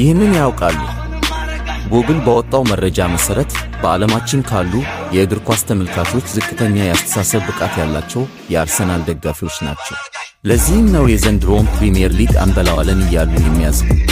ይህንን ያውቃሉ። ጉግል በወጣው መረጃ መሠረት በዓለማችን ካሉ የእግር ኳስ ተመልካቾች ዝቅተኛ የአስተሳሰብ ብቃት ያላቸው የአርሰናል ደጋፊዎች ናቸው። ለዚህም ነው የዘንድሮውን ፕሪምየር ሊግ አንበላዋለን እያሉ የሚያዝጉ።